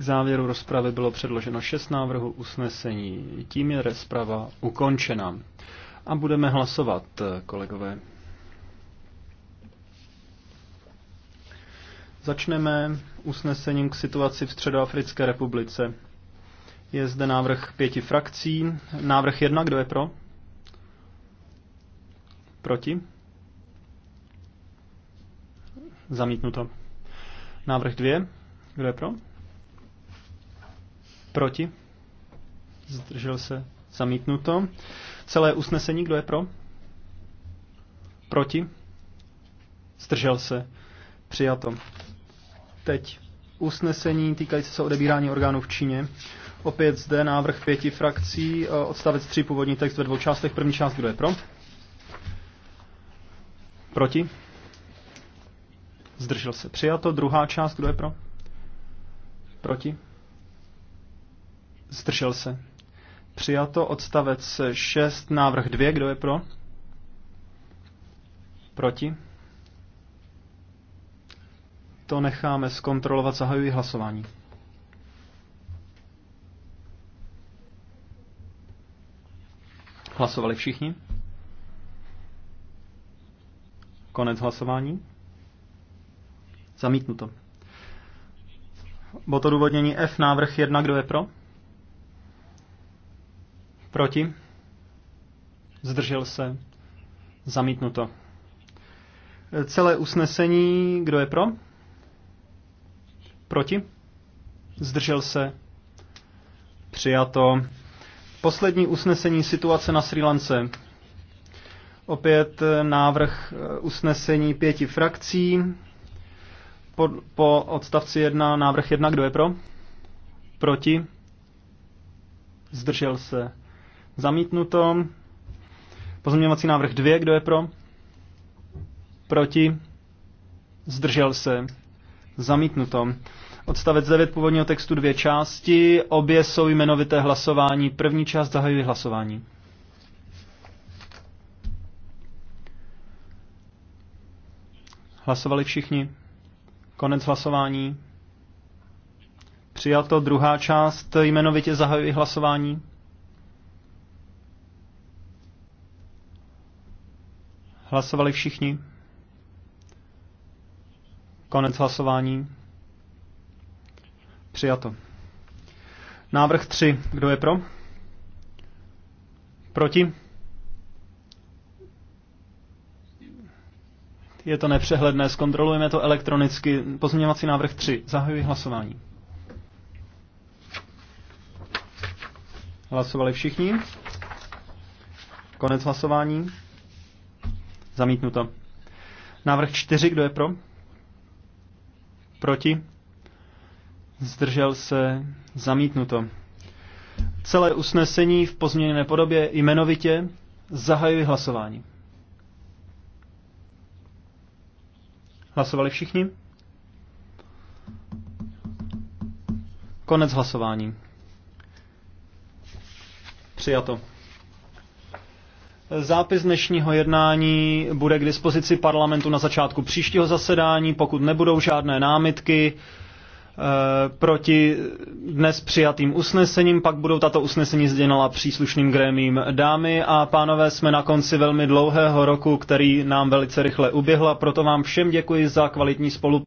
K závěru rozpravy bylo předloženo šest návrhů usnesení. Tím je rozprava ukončena. A budeme hlasovat, kolegové. Začneme usnesením k situaci v Středoafrické republice. Je zde návrh pěti frakcí. Návrh jedna, kdo je pro? Proti? Zamítnuto. Návrh dvě, kdo je pro? Proti? Zdržel se? Zamítnuto. Celé usnesení, kdo je pro? Proti? Zdržel se? Přijato. Teď usnesení týkající se odebírání orgánů v Číně. Opět zde návrh pěti frakcí, e, odstavec tři původní text ve dvou částech. První část, kdo je pro? Proti? Zdržel se. Přijato. Druhá část, kdo je pro? Proti? Zdržel se. Přijato odstavec 6, návrh 2, kdo je pro? Proti? To necháme zkontrolovat, zahajuji hlasování. Hlasovali všichni? Konec hlasování? Zamítnuto. to. důvodnění F, návrh 1, kdo je pro? Proti? Zdržel se? Zamítnuto. Celé usnesení, kdo je pro? Proti? Zdržel se? Přijato. Poslední usnesení situace na Sri Lance. Opět eh, návrh eh, usnesení pěti frakcí. Po, po odstavci 1 návrh 1, kdo je pro? Proti? Zdržel se? Zamítnuto. Pozměňovací návrh 2, kdo je pro? Proti? Zdržel se. Zamítnuto. Odstavec 9 původního textu dvě části, obě jsou jmenovité hlasování. První část zahajuje hlasování. Hlasovali všichni. Konec hlasování. Přijato druhá část jmenovitě zahajuje hlasování. Hlasovali všichni? Konec hlasování. Přijato. Návrh 3. Kdo je pro? Proti? Je to nepřehledné, zkontrolujeme to elektronicky. Pozměňovací návrh 3. Zahajuji hlasování. Hlasovali všichni? Konec hlasování. Zamítnuto. Návrh 4, kdo je pro? Proti? Zdržel se? Zamítnuto. Celé usnesení v pozměněné podobě jmenovitě zahajuji hlasování. Hlasovali všichni? Konec hlasování. Přijato. Zápis dnešního jednání bude k dispozici parlamentu na začátku příštího zasedání, pokud nebudou žádné námitky eh, proti dnes přijatým usnesením, pak budou tato usnesení sdělena příslušným grémím. Dámy a pánové, jsme na konci velmi dlouhého roku, který nám velice rychle uběhl a proto vám všem děkuji za kvalitní spolupráci.